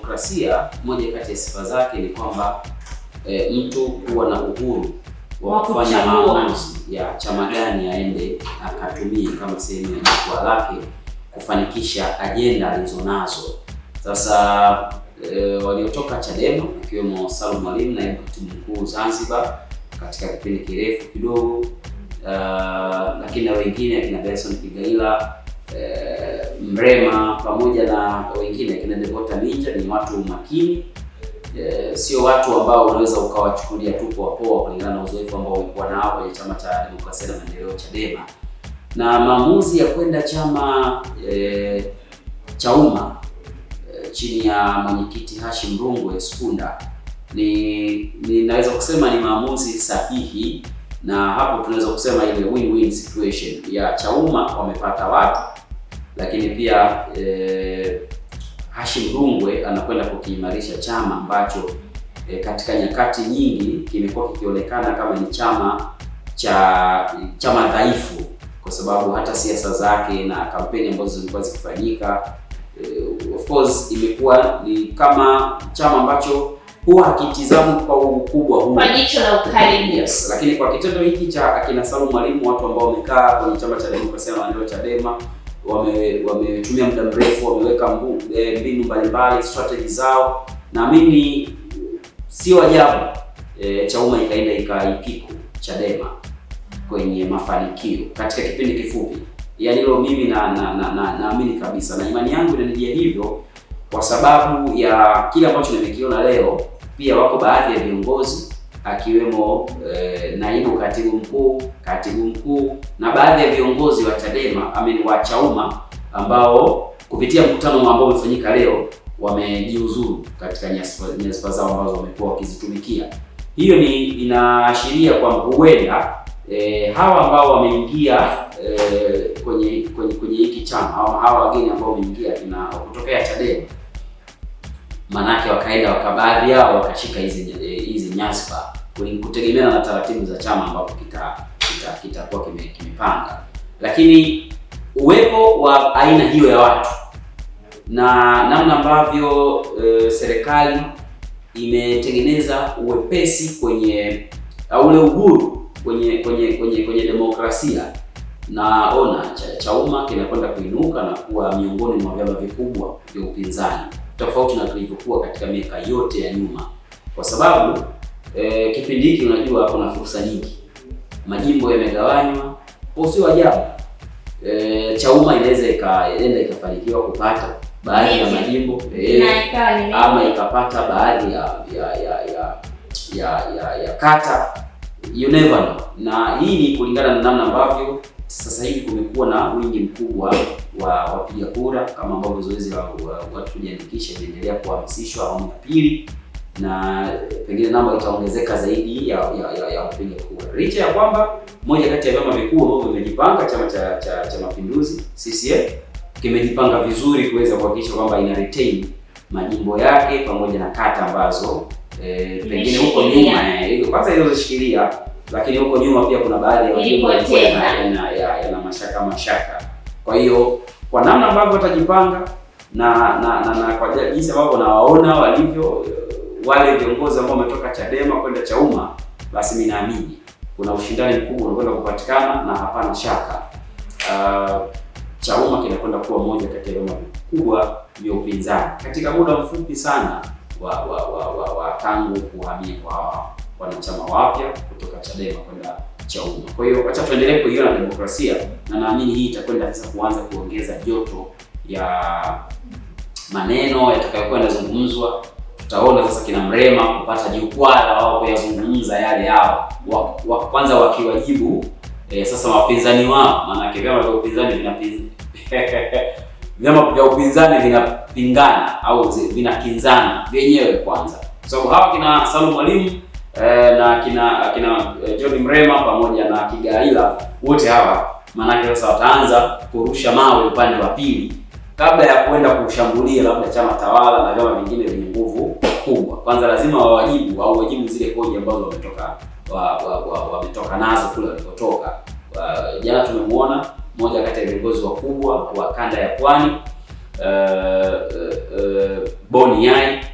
demokrasia, moja kati ya sifa zake ni kwamba e, mtu kuwa na uhuru wa kufanya maamuzi ya chama gani aende akatumie kama sehemu ya jukwaa lake kufanikisha ajenda alizonazo. Sasa e, waliotoka Chadema akiwemo Salum Mwalimu, naibu katibu mkuu Zanzibar katika kipindi kirefu kidogo, uh, lakini na wengine akina Benson Kigaila eh, Mrema pamoja na wengine kina Devota Ninja ni watu makini e, sio watu ambao unaweza ukawachukulia tu poa poa kulingana na uzoefu ambao ulikuwa nao kwenye Chama cha Demokrasia na Maendeleo Chadema, na maamuzi ya kwenda chama e, cha umma e, chini ya mwenyekiti Hashim Rungwe Skunda ni ninaweza kusema ni maamuzi sahihi, na hapo tunaweza kusema ile win-win situation ya Chauma wamepata watu lakini pia e, Hashim Rungwe anakwenda kukiimarisha chama ambacho e, katika nyakati nyingi kimekuwa kikionekana kama ni chama cha chama dhaifu, kwa sababu hata siasa zake na kampeni ambazo zilikuwa zikifanyika e, of course imekuwa ni kama chama ambacho huwa hakitizamwi kwa ukubwa huu, kwa jicho la ukali. Yes, lakini kwa kitendo hiki cha akina Salum Mwalimu, watu ambao wamekaa kwenye chama cha demokrasia na maendeleo, Chadema wametumia wame muda mrefu, wameweka eh, mbinu mbalimbali strategy zao, na mimi sio ajabu e, Chauma ikaenda ikaipiku Chadema kwenye mafanikio katika kipindi kifupi. Yaani hilo mimi na naamini na, na, kabisa na imani yangu inanijia hivyo kwa sababu ya kile ambacho nimekiona leo. Pia wako baadhi ya viongozi akiwemo e, naibu katibu mkuu, katibu mkuu na baadhi ya viongozi wa Chadema amini wa Chauma ambao kupitia mkutano ambao umefanyika leo wamejiuzuru katika nyadhifa zao ambazo wamekuwa wakizitumikia. Hiyo ni inaashiria kwamba huenda e, hawa ambao wameingia e, kwenye kwenye kwenye hiki chama au hawa wageni ambao wameingia na kutokea Chadema, maanake wakaenda wakabaadhi yao wakashika hizi NASPA kutegemeana na taratibu za chama ambapo kitakuwa kita, kita kimepanga, lakini uwepo wa aina hiyo ya watu na namna ambavyo e, serikali imetengeneza uwepesi kwenye au ule uhuru kwenye kwenye kwenye kwenye demokrasia, naona cha Chauma kinakwenda kuinuka na kuwa miongoni mwa vyama vikubwa vya upinzani tofauti na tulivyokuwa katika miaka yote ya nyuma, kwa sababu e, kipindi hiki unajua kuna fursa nyingi, majimbo yamegawanywa, sio ajabu e, eh, Chauma inaweza ikaenda ikafanikiwa kupata baadhi ya majimbo e, ama ikapata baadhi ya ya ya ya ya, ya, ya kata you never know. Na hii ni kulingana na namna ambavyo sasa hivi kumekuwa na wingi mkubwa wa wapiga kura, kama ambavyo zoezi la watu kujiandikisha linaendelea kuhamasishwa awamu ya pili na pengine namba itaongezeka zaidi ya ya ya, ya kupiga kura, licha ya kwamba moja kati ya vyama vikuu ambavyo vimejipanga, chama cha cha, cha mapinduzi CCM kimejipanga vizuri kuweza kuhakikisha kwamba ina retain majimbo yake pamoja na kata ambazo e, pengine huko nyuma hiyo eh, kwanza ilizoshikilia, lakini huko nyuma pia kuna baadhi ya majimbo yana mashaka mashaka. Kwa hiyo kwa namna ambavyo watajipanga na na, na na kwa jinsi ambavyo nawaona walivyo wale viongozi ambao wametoka Chadema kwenda Chauma, basi mimi naamini kuna ushindani mkubwa unakwenda kupatikana na hapana shaka uh, Chauma kinakwenda kuwa moja kati ya vyama vikubwa vya upinzani katika muda mfupi sana wa wa wa, wa, wa tangu kuhamia kwa wanachama wapya kutoka Chadema kwenda Chauma. Kwa hiyo acha tuendelee kuiona demokrasia na naamini hii itakwenda sasa kuanza kuongeza joto ya maneno yatakayokuwa yanazungumzwa tutaona sasa kina Mrema kupata jukwaa la wao kuyazungumza yale yao wa, kwanza wakiwajibu eh, sasa wapinzani wao, maanake vyama vya upinzani vyama vya upinzani vinapingana au vinakinzana vyenyewe kwanza, kwa sababu so, hawa kina Salum Mwalimu eh, na kina kina eh, John Mrema pamoja na Kigaila wote hawa maanake sasa wataanza kurusha mawe upande wa pili kabla ya kuenda kushambulia labda chama tawala na vyama vingine vyenye nguvu kwanza lazima wawajibu au wajibu zile hoja ambazo wametoka wa, wa, wa, wametoka nazo kule walipotoka. Jana tumemwona mmoja kati ya viongozi wakubwa wa kanda ya Pwani uh, uh, Boni Yai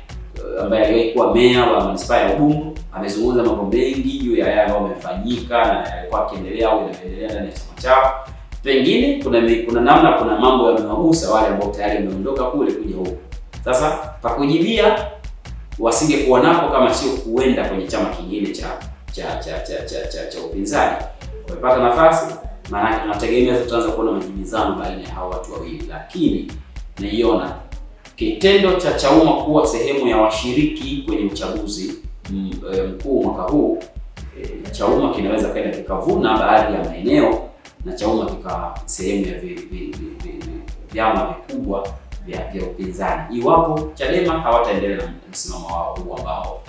ambaye aliwahi kuwa meya wa manispaa ya Ubungo amezungumza mambo mengi juu ya yale ambayo amefanyika na yalikuwa akiendelea au inavyoendelea ndani ya chama chao. Pengine kuna kuna namna, kuna mambo yamewagusa wale ambao tayari wameondoka kule kuja huko. Sasa pakujibia wasingekuwa napo kama sio kuenda kwenye chama kingine cha cha cha cha cha, cha, cha upinzani. Wamepata nafasi, maanake tunategemea tutaanza kuona majibizano baina ya hao watu wawili, lakini naiona kitendo cha Chauma kuwa sehemu ya washiriki kwenye uchaguzi eh, mkuu mwaka huu e, Chauma kinaweza kaenda kikavuna baadhi ya maeneo na Chauma kikawa sehemu ya vyama vikubwa vya upinzani iwapo Chadema hawataendelea na msimamo wao huu ambao